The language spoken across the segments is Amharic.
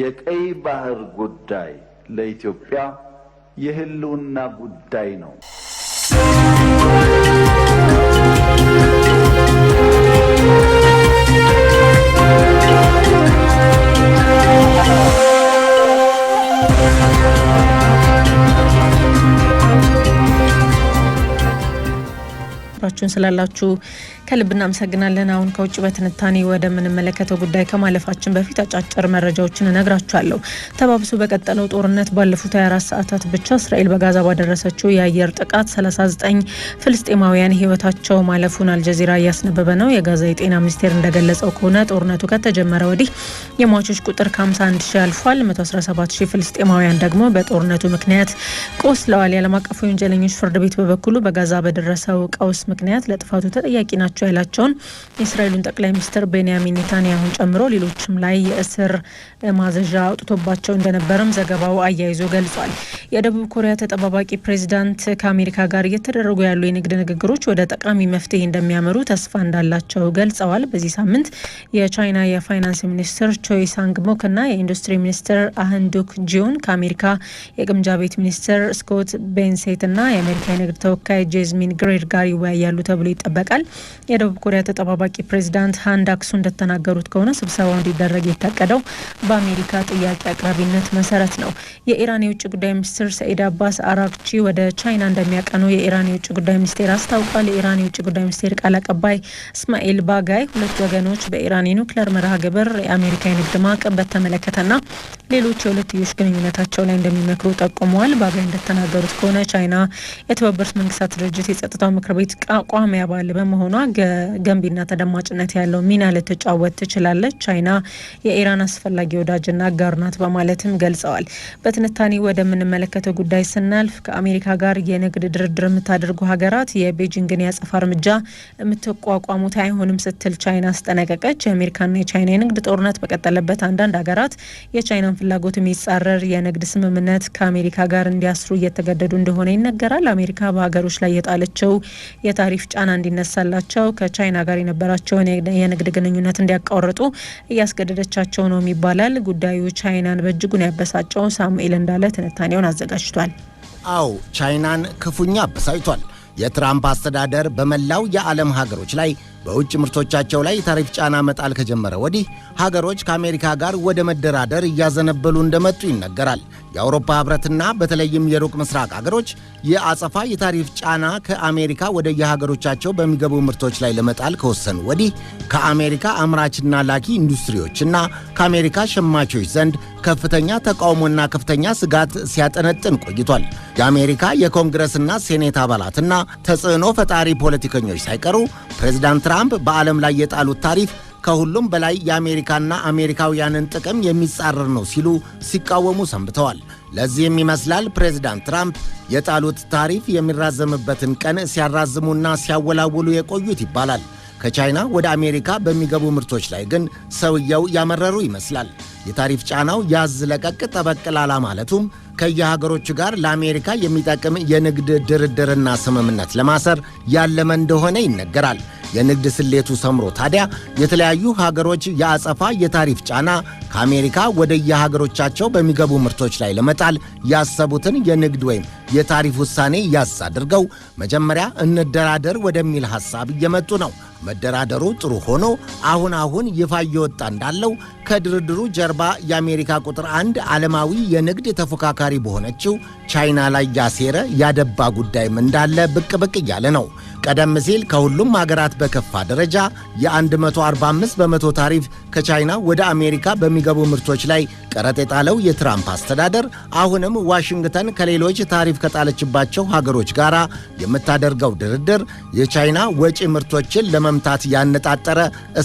የቀይ ባህር ጉዳይ ለኢትዮጵያ የህልውና ጉዳይ ነው። ችሁን ስላላችሁ ከልብ እናመሰግናለን። አሁን ከውጭ በትንታኔ ወደምንመለከተው ጉዳይ ከማለፋችን በፊት አጫጭር መረጃዎችን እነግራችኋለሁ። ተባብሶ በቀጠለው ጦርነት ባለፉት 24 ሰዓታት ብቻ እስራኤል በጋዛ ባደረሰችው የአየር ጥቃት 39 ፍልስጤማውያን ህይወታቸው ማለፉን አልጀዚራ እያስነበበ ነው። የጋዛ የጤና ሚኒስቴር እንደገለጸው ከሆነ ጦርነቱ ከተጀመረ ወዲህ የሟቾች ቁጥር ከ51 ሺ አልፏል። 117 ፍልስጤማውያን ደግሞ በጦርነቱ ምክንያት ቆስለዋል። የዓለም አቀፉ የወንጀለኞች ፍርድ ቤት በበኩሉ በጋዛ በደረሰው ቀውስ ምክንያት ለጥፋቱ ተጠያቂ ናቸው ናቸው ያላቸውን የእስራኤሉን ጠቅላይ ሚኒስትር ቤንያሚን ኔታንያሁን ጨምሮ ሌሎችም ላይ የእስር ማዘዣ አውጥቶባቸው እንደነበርም ዘገባው አያይዞ ገልጿል። የደቡብ ኮሪያ ተጠባባቂ ፕሬዚዳንት ከአሜሪካ ጋር እየተደረጉ ያሉ የንግድ ንግግሮች ወደ ጠቃሚ መፍትሄ እንደሚያመሩ ተስፋ እንዳላቸው ገልጸዋል። በዚህ ሳምንት የቻይና የፋይናንስ ሚኒስትር ቾይ ሞክ እና የኢንዱስትሪ ሚኒስትር አህንዱክ ጂዮን ከአሜሪካ የግምጃ ቤት ሚኒስትር ስኮት ቤንሴት እና የአሜሪካ የንግድ ተወካይ ጄዝሚን ግሬድ ጋር ይወያያሉ ተብሎ ይጠበቃል። የደቡብ ኮሪያ ተጠባባቂ ፕሬዚዳንት ሃንዳክሱ እንደተናገሩት ከሆነ ስብሰባው እንዲደረግ የታቀደው በአሜሪካ ጥያቄ አቅራቢነት መሰረት ነው። የኢራን የውጭ ጉዳይ ሚኒስትር ሰኢድ አባስ አራግቺ ወደ ቻይና እንደሚያቀኑ የኢራን የውጭ ጉዳይ ሚኒስቴር አስታውቋል። የኢራን የውጭ ጉዳይ ሚኒስቴር ቃል አቀባይ እስማኤል ባጋይ ሁለት ወገኖች በኢራን የኒውክሌር መርሃ ግብር፣ የአሜሪካ የንግድ ማዕቀብ በተመለከተና ሌሎች የሁለትዮሽ ግንኙነታቸው ላይ እንደሚመክሩ ጠቁመዋል። ባጋይ እንደተናገሩት ከሆነ ቻይና የተባበሩት መንግስታት ድርጅት የጸጥታው ምክር ቤት ቋሚ አባል በመሆኗ ገንቢና ተደማጭነት ያለው ሚና ልትጫወት ትችላለች፣ ቻይና የኢራን አስፈላጊ ወዳጅና አጋር ናት በማለትም ገልጸዋል። በትንታኔ ወደምንመለከተው ጉዳይ ስናልፍ ከአሜሪካ ጋር የንግድ ድርድር የምታደርጉ ሀገራት የቤጂንግን ያጸፋ እርምጃ የምትቋቋሙት አይሆንም ስትል ቻይና አስጠነቀቀች። የአሜሪካና የቻይና የንግድ ጦርነት በቀጠለበት አንዳንድ ሀገራት የቻይናን ፍላጎት የሚጻረር የንግድ ስምምነት ከአሜሪካ ጋር እንዲያስሩ እየተገደዱ እንደሆነ ይነገራል። አሜሪካ በሀገሮች ላይ የጣለችው የታሪፍ ጫና እንዲነሳላቸው ናቸው። ከቻይና ጋር የነበራቸውን የንግድ ግንኙነት እንዲያቋርጡ እያስገደደቻቸው ነው ይባላል። ጉዳዩ ቻይናን በእጅጉን ያበሳጨው ሳሙኤል እንዳለ ትንታኔውን አዘጋጅቷል። አዎ ቻይናን ክፉኛ አበሳጭቷል። የትራምፕ አስተዳደር በመላው የዓለም ሀገሮች ላይ በውጭ ምርቶቻቸው ላይ የታሪፍ ጫና መጣል ከጀመረ ወዲህ ሀገሮች ከአሜሪካ ጋር ወደ መደራደር እያዘነበሉ እንደመጡ ይነገራል። የአውሮፓ ህብረትና በተለይም የሩቅ ምስራቅ ሀገሮች የአጸፋ የታሪፍ ጫና ከአሜሪካ ወደ የሀገሮቻቸው በሚገቡ ምርቶች ላይ ለመጣል ከወሰኑ ወዲህ ከአሜሪካ አምራችና ላኪ ኢንዱስትሪዎችና ከአሜሪካ ሸማቾች ዘንድ ከፍተኛ ተቃውሞና ከፍተኛ ስጋት ሲያጠነጥን ቆይቷል። የአሜሪካ የኮንግረስና ሴኔት አባላትና ተጽዕኖ ፈጣሪ ፖለቲከኞች ሳይቀሩ ፕሬዚዳንት ትራምፕ በዓለም ላይ የጣሉት ታሪፍ ከሁሉም በላይ የአሜሪካና አሜሪካውያንን ጥቅም የሚጻረር ነው ሲሉ ሲቃወሙ ሰንብተዋል። ለዚህም ይመስላል ፕሬዚዳንት ትራምፕ የጣሉት ታሪፍ የሚራዘምበትን ቀን ሲያራዝሙና ሲያወላውሉ የቆዩት ይባላል። ከቻይና ወደ አሜሪካ በሚገቡ ምርቶች ላይ ግን ሰውየው ያመረሩ ይመስላል። የታሪፍ ጫናው ያዝ ለቀቅ ጠበቅ ላላ ማለቱም ከየሀገሮቹ ጋር ለአሜሪካ የሚጠቅም የንግድ ድርድርና ስምምነት ለማሰር ያለመ እንደሆነ ይነገራል። የንግድ ስሌቱ ሰምሮ ታዲያ የተለያዩ ሀገሮች የአጸፋ የታሪፍ ጫና ከአሜሪካ ወደ የሀገሮቻቸው በሚገቡ ምርቶች ላይ ለመጣል ያሰቡትን የንግድ ወይም የታሪፍ ውሳኔ ያስ አድርገው መጀመሪያ እንደራደር ወደሚል ሐሳብ እየመጡ ነው። መደራደሩ ጥሩ ሆኖ አሁን አሁን ይፋ እየወጣ እንዳለው ከድርድሩ ጀርባ የአሜሪካ ቁጥር አንድ ዓለማዊ የንግድ ተፎካካሪ አከራካሪ በሆነችው ቻይና ላይ ያሴረ ያደባ ጉዳይም እንዳለ ብቅ ብቅ እያለ ነው። ቀደም ሲል ከሁሉም አገራት በከፋ ደረጃ የ145 በመቶ ታሪፍ ከቻይና ወደ አሜሪካ በሚገቡ ምርቶች ላይ ቀረጥ የጣለው የትራምፕ አስተዳደር አሁንም ዋሽንግተን ከሌሎች ታሪፍ ከጣለችባቸው ሀገሮች ጋር የምታደርገው ድርድር የቻይና ወጪ ምርቶችን ለመምታት ያነጣጠረ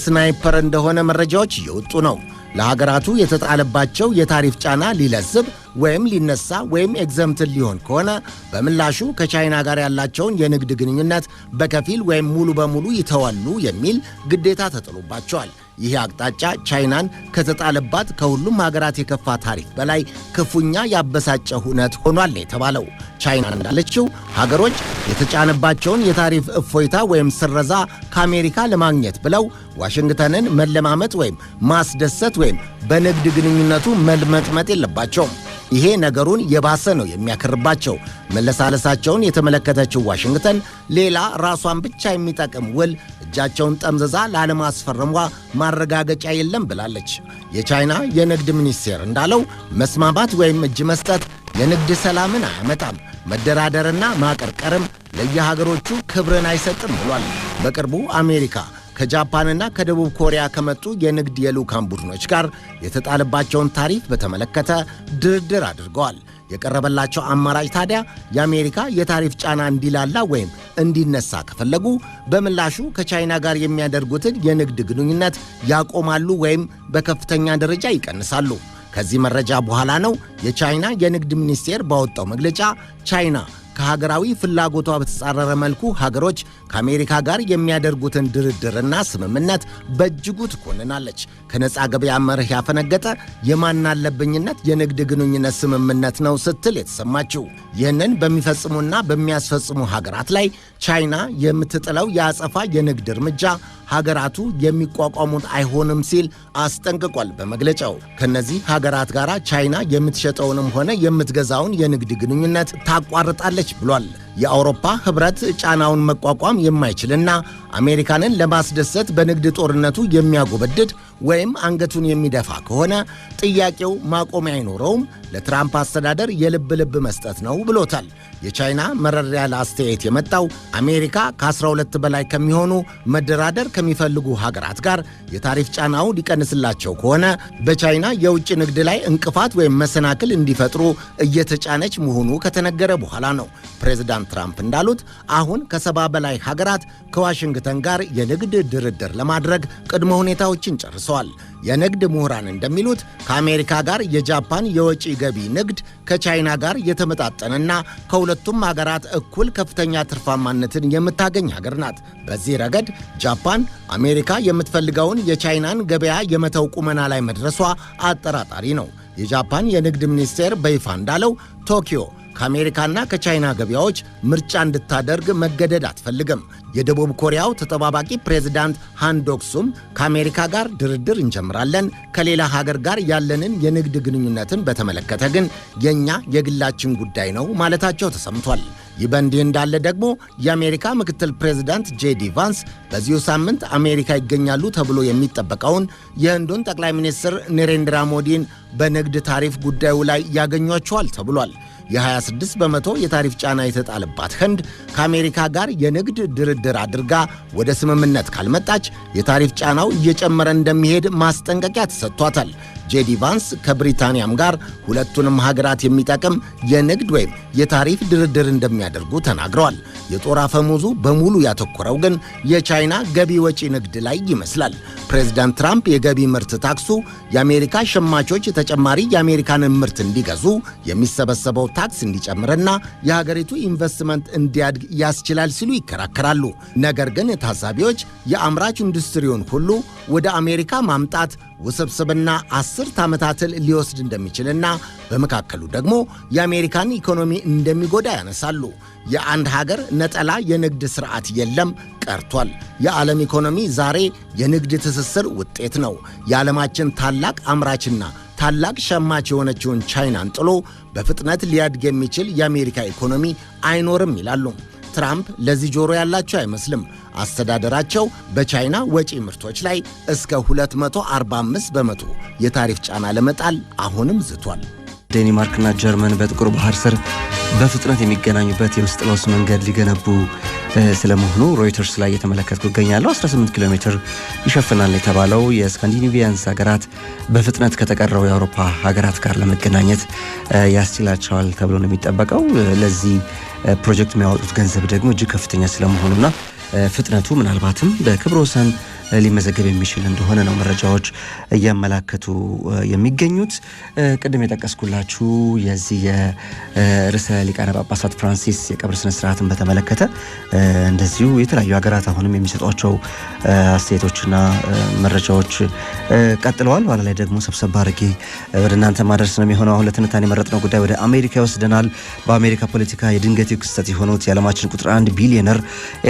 ስናይፐር እንደሆነ መረጃዎች እየወጡ ነው። ለሀገራቱ የተጣለባቸው የታሪፍ ጫና ሊለስብ ወይም ሊነሳ ወይም ኤግዘምትን ሊሆን ከሆነ በምላሹ ከቻይና ጋር ያላቸውን የንግድ ግንኙነት በከፊል ወይም ሙሉ በሙሉ ይተዋሉ የሚል ግዴታ ተጥሎባቸዋል። ይህ አቅጣጫ ቻይናን ከተጣለባት ከሁሉም ሀገራት የከፋ ታሪክ በላይ ክፉኛ ያበሳጨ ሁነት ሆኗል የተባለው። ቻይና እንዳለችው ሀገሮች የተጫነባቸውን የታሪፍ እፎይታ ወይም ስረዛ ከአሜሪካ ለማግኘት ብለው ዋሽንግተንን መለማመጥ ወይም ማስደሰት ወይም በንግድ ግንኙነቱ መልመጥመጥ የለባቸውም። ይሄ ነገሩን የባሰ ነው የሚያከርባቸው። መለሳለሳቸውን የተመለከተችው ዋሽንግተን ሌላ ራሷን ብቻ የሚጠቅም ውል እጃቸውን ጠምዝዛ ላለማስፈረሟ ማረጋገጫ የለም ብላለች። የቻይና የንግድ ሚኒስቴር እንዳለው መስማማት ወይም እጅ መስጠት የንግድ ሰላምን አያመጣም፣ መደራደርና ማቀርቀርም ለየሀገሮቹ ክብርን አይሰጥም ብሏል። በቅርቡ አሜሪካ ከጃፓንና ከደቡብ ኮሪያ ከመጡ የንግድ የልዑካን ቡድኖች ጋር የተጣለባቸውን ታሪፍ በተመለከተ ድርድር አድርገዋል። የቀረበላቸው አማራጭ ታዲያ የአሜሪካ የታሪፍ ጫና እንዲላላ ወይም እንዲነሳ ከፈለጉ በምላሹ ከቻይና ጋር የሚያደርጉትን የንግድ ግንኙነት ያቆማሉ ወይም በከፍተኛ ደረጃ ይቀንሳሉ። ከዚህ መረጃ በኋላ ነው የቻይና የንግድ ሚኒስቴር ባወጣው መግለጫ ቻይና ከሀገራዊ ፍላጎቷ በተጻረረ መልኩ ሀገሮች ከአሜሪካ ጋር የሚያደርጉትን ድርድርና ስምምነት በእጅጉ ትኮንናለች። ከነፃ ገበያ መርህ ያፈነገጠ የማናለብኝነት የንግድ ግንኙነት ስምምነት ነው ስትል የተሰማችው ይህንን በሚፈጽሙና በሚያስፈጽሙ ሀገራት ላይ ቻይና የምትጥለው የአጸፋ የንግድ እርምጃ ሀገራቱ የሚቋቋሙት አይሆንም ሲል አስጠንቅቋል። በመግለጫው ከነዚህ ሀገራት ጋር ቻይና የምትሸጠውንም ሆነ የምትገዛውን የንግድ ግንኙነት ታቋርጣለች ትችላለች ብሏል። የአውሮፓ ህብረት ጫናውን መቋቋም የማይችልና አሜሪካንን ለማስደሰት በንግድ ጦርነቱ የሚያጎበድድ ወይም አንገቱን የሚደፋ ከሆነ ጥያቄው ማቆሚያ አይኖረውም፣ ለትራምፕ አስተዳደር የልብ ልብ መስጠት ነው ብሎታል። የቻይና መረር ያለ አስተያየት የመጣው አሜሪካ ከ12 በላይ ከሚሆኑ መደራደር ከሚፈልጉ ሀገራት ጋር የታሪፍ ጫናው ሊቀንስላቸው ከሆነ በቻይና የውጭ ንግድ ላይ እንቅፋት ወይም መሰናክል እንዲፈጥሩ እየተጫነች መሆኑ ከተነገረ በኋላ ነው። ፕሬዚዳንት ትራምፕ እንዳሉት አሁን ከሰባ በላይ ሀገራት ከዋሽንግተን ጋር የንግድ ድርድር ለማድረግ ቅድመ ሁኔታዎችን ጨርሰዋል። የንግድ ምሁራን እንደሚሉት ከአሜሪካ ጋር የጃፓን የወጪ ገቢ ንግድ ከቻይና ጋር የተመጣጠነና ከሁለቱም ሀገራት እኩል ከፍተኛ ትርፋማነትን የምታገኝ ሀገር ናት። በዚህ ረገድ ጃፓን አሜሪካ የምትፈልገውን የቻይናን ገበያ የመተው ቁመና ላይ መድረሷ አጠራጣሪ ነው። የጃፓን የንግድ ሚኒስቴር በይፋ እንዳለው ቶኪዮ ከአሜሪካና ከቻይና ገበያዎች ምርጫ እንድታደርግ መገደድ አትፈልግም። የደቡብ ኮሪያው ተጠባባቂ ፕሬዝዳንት ሃንዶክሱም ከአሜሪካ ጋር ድርድር እንጀምራለን፣ ከሌላ ሀገር ጋር ያለንን የንግድ ግንኙነትን በተመለከተ ግን የእኛ የግላችን ጉዳይ ነው ማለታቸው ተሰምቷል። ይህ በእንዲህ እንዳለ ደግሞ የአሜሪካ ምክትል ፕሬዝዳንት ጄዲ ቫንስ በዚሁ ሳምንት አሜሪካ ይገኛሉ ተብሎ የሚጠበቀውን የህንዱን ጠቅላይ ሚኒስትር ኒሬንድራ ሞዲን በንግድ ታሪፍ ጉዳዩ ላይ ያገኟቸዋል ተብሏል። የ26 በመቶ የታሪፍ ጫና የተጣለባት ህንድ ከአሜሪካ ጋር የንግድ ድርድር አድርጋ ወደ ስምምነት ካልመጣች የታሪፍ ጫናው እየጨመረ እንደሚሄድ ማስጠንቀቂያ ተሰጥቷታል። ጄዲ ቫንስ ከብሪታንያም ጋር ሁለቱንም ሀገራት የሚጠቅም የንግድ ወይም የታሪፍ ድርድር እንደሚያደርጉ ተናግረዋል። የጦር አፈሙዙ በሙሉ ያተኮረው ግን የቻይና ገቢ ወጪ ንግድ ላይ ይመስላል። ፕሬዚዳንት ትራምፕ የገቢ ምርት ታክሱ የአሜሪካ ሸማቾች ተጨማሪ የአሜሪካንን ምርት እንዲገዙ የሚሰበሰበው ታክስ እንዲጨምርና የሀገሪቱ ኢንቨስትመንት እንዲያድግ ያስችላል ሲሉ ይከራከራሉ። ነገር ግን ታዛቢዎች የአምራች ኢንዱስትሪውን ሁሉ ወደ አሜሪካ ማምጣት ውስብስብና አስርት ዓመታትን ሊወስድ እንደሚችልና በመካከሉ ደግሞ የአሜሪካን ኢኮኖሚ እንደሚጎዳ ያነሳሉ። የአንድ ሀገር ነጠላ የንግድ ስርዓት የለም ቀርቷል። የዓለም ኢኮኖሚ ዛሬ የንግድ ትስስር ውጤት ነው። የዓለማችን ታላቅ አምራችና ታላቅ ሸማች የሆነችውን ቻይናን ጥሎ በፍጥነት ሊያድግ የሚችል የአሜሪካ ኢኮኖሚ አይኖርም ይላሉ። ትራምፕ ለዚህ ጆሮ ያላቸው አይመስልም። አስተዳደራቸው በቻይና ወጪ ምርቶች ላይ እስከ 245 በመቶ የታሪፍ ጫና ለመጣል አሁንም ዝቷል። ዴንማርክና ጀርመን በጥቁር ባህር ስር በፍጥነት የሚገናኙበት የውስጥ ለውስጥ መንገድ ሊገነቡ ስለመሆኑ ሮይተርስ ላይ እየተመለከትኩ ይገኛለሁ። 18 ኪሎ ሜትር ይሸፍናል የተባለው የስካንዲኒቪያንስ ሀገራት በፍጥነት ከተቀረው የአውሮፓ ሀገራት ጋር ለመገናኘት ያስችላቸዋል ተብሎ ነው የሚጠበቀው። ለዚህ ፕሮጀክት የሚያወጡት ገንዘብ ደግሞ እጅግ ከፍተኛ ስለመሆኑና ፍጥነቱ ምናልባትም በክብረ ወሰን ሊመዘገብ የሚችል እንደሆነ ነው መረጃዎች እያመላከቱ የሚገኙት። ቅድም የጠቀስኩላችሁ የዚህ የርዕሰ ሊቃነ ጳጳሳት ፍራንሲስ የቀብር ስነስርዓትን በተመለከተ እንደዚሁ የተለያዩ ሀገራት አሁንም የሚሰጧቸው አስተያየቶችና መረጃዎች ቀጥለዋል። ኋላ ላይ ደግሞ ሰብሰብ አድርጌ ወደ እናንተ ማድረስ ነው የሚሆነው። አሁን ለትንታኔ የመረጥነው ጉዳይ ወደ አሜሪካ ይወስደናል። በአሜሪካ ፖለቲካ የድንገት ክስተት የሆኑት የዓለማችን ቁጥር አንድ ቢሊዮነር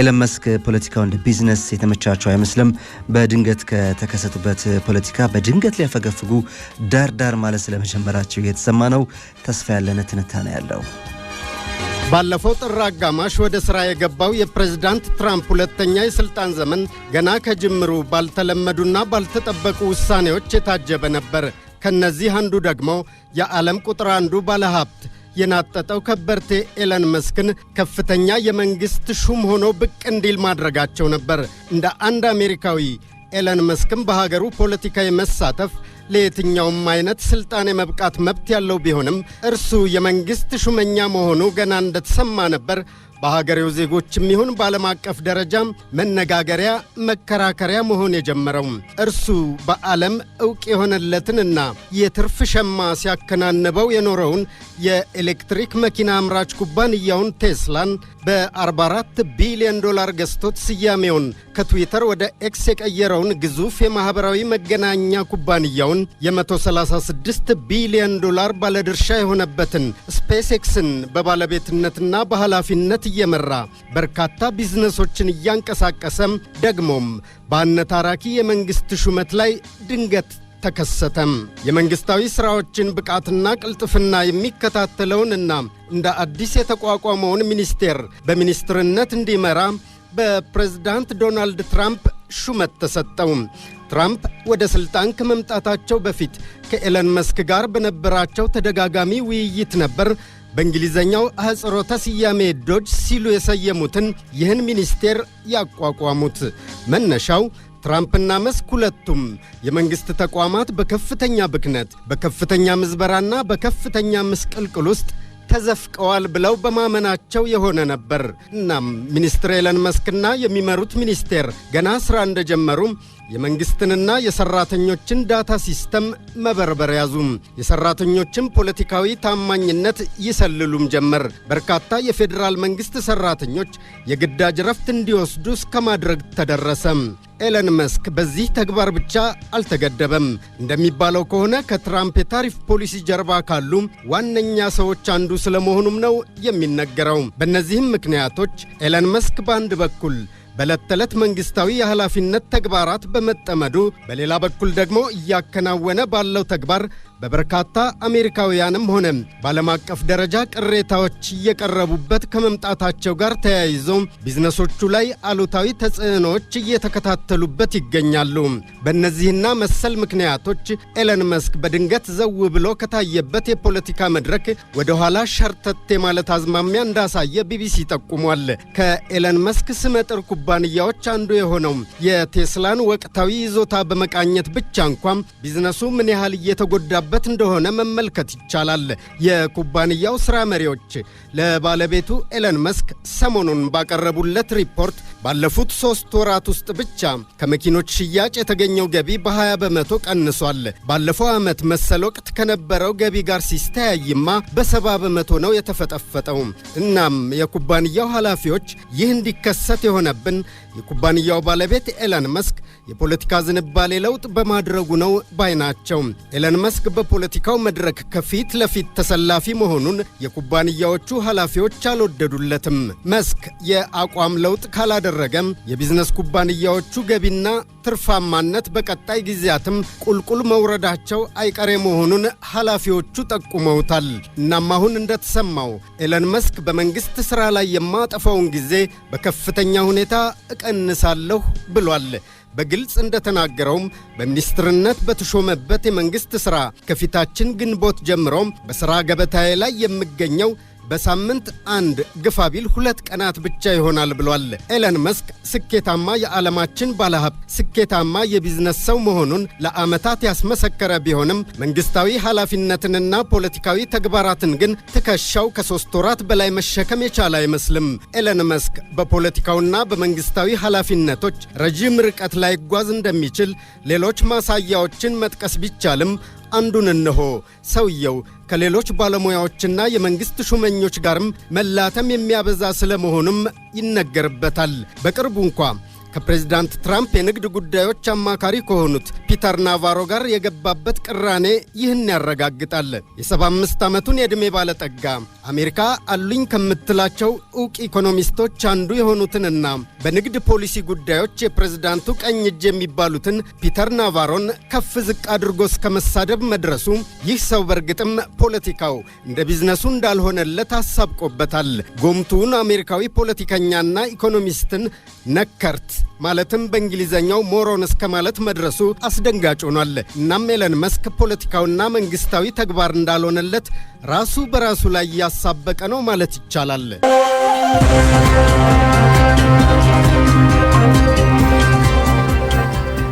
ኤለን መስክ ፖለቲካው እንደ ቢዝነስ የተመቻቸው አይመስልም። በድንገት ከተከሰቱበት ፖለቲካ በድንገት ሊያፈገፍጉ ዳር ዳር ማለት ስለመጀመራቸው የተሰማ ነው። ተስፋ ያለነ ትንታኔ ያለው ባለፈው ጥር አጋማሽ ወደ ሥራ የገባው የፕሬዝዳንት ትራምፕ ሁለተኛ የሥልጣን ዘመን ገና ከጅምሩ ባልተለመዱና ባልተጠበቁ ውሳኔዎች የታጀበ ነበር። ከእነዚህ አንዱ ደግሞ የዓለም ቁጥር አንዱ ባለሀብት የናጠጠው ከበርቴ ኤለን መስክን ከፍተኛ የመንግሥት ሹም ሆኖ ብቅ እንዲል ማድረጋቸው ነበር። እንደ አንድ አሜሪካዊ ኤለን መስክም በሀገሩ ፖለቲካ የመሳተፍ ለየትኛውም አይነት ስልጣን የመብቃት መብት ያለው ቢሆንም እርሱ የመንግሥት ሹመኛ መሆኑ ገና እንደተሰማ ነበር በሀገሬው ዜጎችም ይሁን በዓለም አቀፍ ደረጃ መነጋገሪያ፣ መከራከሪያ መሆን የጀመረው እርሱ በዓለም እውቅ የሆነለትንና የትርፍ ሸማ ሲያከናንበው የኖረውን የኤሌክትሪክ መኪና አምራች ኩባንያውን ቴስላን በ44 ቢሊዮን ዶላር ገዝቶት ስያሜውን ከትዊተር ወደ ኤክስ የቀየረውን ግዙፍ የማኅበራዊ መገናኛ ኩባንያውን የ136 ቢሊዮን ዶላር ባለድርሻ የሆነበትን ስፔስ ኤክስን በባለቤትነትና በኃላፊነት እየመራ በርካታ ቢዝነሶችን እያንቀሳቀሰም ደግሞም በአነታራኪ የመንግሥት ሹመት ላይ ድንገት ተከሰተም። የመንግሥታዊ ሥራዎችን ብቃትና ቅልጥፍና የሚከታተለውንና እንደ አዲስ የተቋቋመውን ሚኒስቴር በሚኒስትርነት እንዲመራ በፕሬዝዳንት ዶናልድ ትራምፕ ሹመት ተሰጠው። ትራምፕ ወደ ስልጣን ከመምጣታቸው በፊት ከኤለን መስክ ጋር በነበራቸው ተደጋጋሚ ውይይት ነበር በእንግሊዘኛው አህጽሮተ ስያሜ ዶጅ ሲሉ የሰየሙትን ይህን ሚኒስቴር ያቋቋሙት መነሻው ትራምፕና መስክ ሁለቱም የመንግሥት ተቋማት በከፍተኛ ብክነት፣ በከፍተኛ ምዝበራና በከፍተኛ ምስቅልቅል ውስጥ ተዘፍቀዋል ብለው በማመናቸው የሆነ ነበር። እናም ሚኒስትር ኤለን መስክና የሚመሩት ሚኒስቴር ገና ስራ እንደጀመሩም የመንግስትንና የሰራተኞችን ዳታ ሲስተም መበርበር ያዙም። የሰራተኞችን ፖለቲካዊ ታማኝነት ይሰልሉም ጀመር። በርካታ የፌዴራል መንግስት ሰራተኞች የግዳጅ ረፍት እንዲወስዱ እስከ ማድረግ ተደረሰም። ኤለን መስክ በዚህ ተግባር ብቻ አልተገደበም። እንደሚባለው ከሆነ ከትራምፕ የታሪፍ ፖሊሲ ጀርባ ካሉ ዋነኛ ሰዎች አንዱ ስለመሆኑም ነው የሚነገረው። በእነዚህም ምክንያቶች ኤለን መስክ በአንድ በኩል በዕለት ተዕለት መንግሥታዊ የኃላፊነት ተግባራት በመጠመዱ፣ በሌላ በኩል ደግሞ እያከናወነ ባለው ተግባር በበርካታ አሜሪካውያንም ሆነ በዓለም አቀፍ ደረጃ ቅሬታዎች እየቀረቡበት ከመምጣታቸው ጋር ተያይዞ ቢዝነሶቹ ላይ አሉታዊ ተጽዕኖዎች እየተከታተሉበት ይገኛሉ። በእነዚህና መሰል ምክንያቶች ኤለን መስክ በድንገት ዘው ብሎ ከታየበት የፖለቲካ መድረክ ወደ ኋላ ሸርተቴ ማለት አዝማሚያ እንዳሳየ ቢቢሲ ጠቁሟል። ከኤለን መስክ ስመጥር ኩባንያዎች አንዱ የሆነው የቴስላን ወቅታዊ ይዞታ በመቃኘት ብቻ እንኳም ቢዝነሱ ምን ያህል እየተጎዳ እየተሰራበት እንደሆነ መመልከት ይቻላል። የኩባንያው ሥራ መሪዎች ለባለቤቱ ኤለን መስክ ሰሞኑን ባቀረቡለት ሪፖርት ባለፉት ሶስት ወራት ውስጥ ብቻ ከመኪኖች ሽያጭ የተገኘው ገቢ በ20 በመቶ ቀንሷል። ባለፈው ዓመት መሰል ወቅት ከነበረው ገቢ ጋር ሲስተያይማ በሰባ በመቶ ነው የተፈጠፈጠው። እናም የኩባንያው ኃላፊዎች ይህ እንዲከሰት የሆነብን የኩባንያው ባለቤት ኤለን መስክ የፖለቲካ ዝንባሌ ለውጥ በማድረጉ ነው ባይ ናቸው። ኤለን መስክ በፖለቲካው መድረክ ከፊት ለፊት ተሰላፊ መሆኑን የኩባንያዎቹ ኃላፊዎች አልወደዱለትም። መስክ የአቋም ለውጥ ካላደ ከተደረገም የቢዝነስ ኩባንያዎቹ ገቢና ትርፋማነት በቀጣይ ጊዜያትም ቁልቁል መውረዳቸው አይቀሬ መሆኑን ኃላፊዎቹ ጠቁመውታል። እናም አሁን እንደተሰማው ኤለን መስክ በመንግሥት ሥራ ላይ የማጠፋውን ጊዜ በከፍተኛ ሁኔታ እቀንሳለሁ ብሏል። በግልጽ እንደተናገረውም በሚኒስትርነት በተሾመበት የመንግሥት ሥራ ከፊታችን ግንቦት ጀምሮም በሥራ ገበታዬ ላይ የምገኘው በሳምንት አንድ ግፋቢል ሁለት ቀናት ብቻ ይሆናል ብሏል። ኤለን መስክ ስኬታማ የዓለማችን ባለሀብት፣ ስኬታማ የቢዝነስ ሰው መሆኑን ለዓመታት ያስመሰከረ ቢሆንም መንግስታዊ ኃላፊነትንና ፖለቲካዊ ተግባራትን ግን ትከሻው ከሶስት ወራት በላይ መሸከም የቻለ አይመስልም። ኤለን መስክ በፖለቲካውና በመንግስታዊ ኃላፊነቶች ረዥም ርቀት ላይጓዝ እንደሚችል ሌሎች ማሳያዎችን መጥቀስ ቢቻልም አንዱን እነሆ። ሰውየው ከሌሎች ባለሙያዎችና የመንግሥት ሹመኞች ጋርም መላተም የሚያበዛ ስለመሆኑም ይነገርበታል። በቅርቡ እንኳ ከፕሬዚዳንት ትራምፕ የንግድ ጉዳዮች አማካሪ ከሆኑት ፒተር ናቫሮ ጋር የገባበት ቅራኔ ይህን ያረጋግጣል። የ75 ዓመቱን የዕድሜ ባለጠጋ አሜሪካ አሉኝ ከምትላቸው ዕውቅ ኢኮኖሚስቶች አንዱ የሆኑትንና በንግድ ፖሊሲ ጉዳዮች የፕሬዝዳንቱ ቀኝ እጅ የሚባሉትን ፒተር ናቫሮን ከፍ ዝቅ አድርጎ እስከ መሳደብ መድረሱ ይህ ሰው በእርግጥም ፖለቲካው እንደ ቢዝነሱ እንዳልሆነለት አሳብቆበታል። ጎምቱን አሜሪካዊ ፖለቲከኛና ኢኮኖሚስትን ነከርት ማለትም በእንግሊዘኛው ሞሮን እስከ ማለት መድረሱ አስደንጋጭ ሆኗል። እናም ኤለን መስክ ፖለቲካውና መንግስታዊ ተግባር እንዳልሆነለት ራሱ በራሱ ላይ እያሳበቀ ነው ማለት ይቻላል።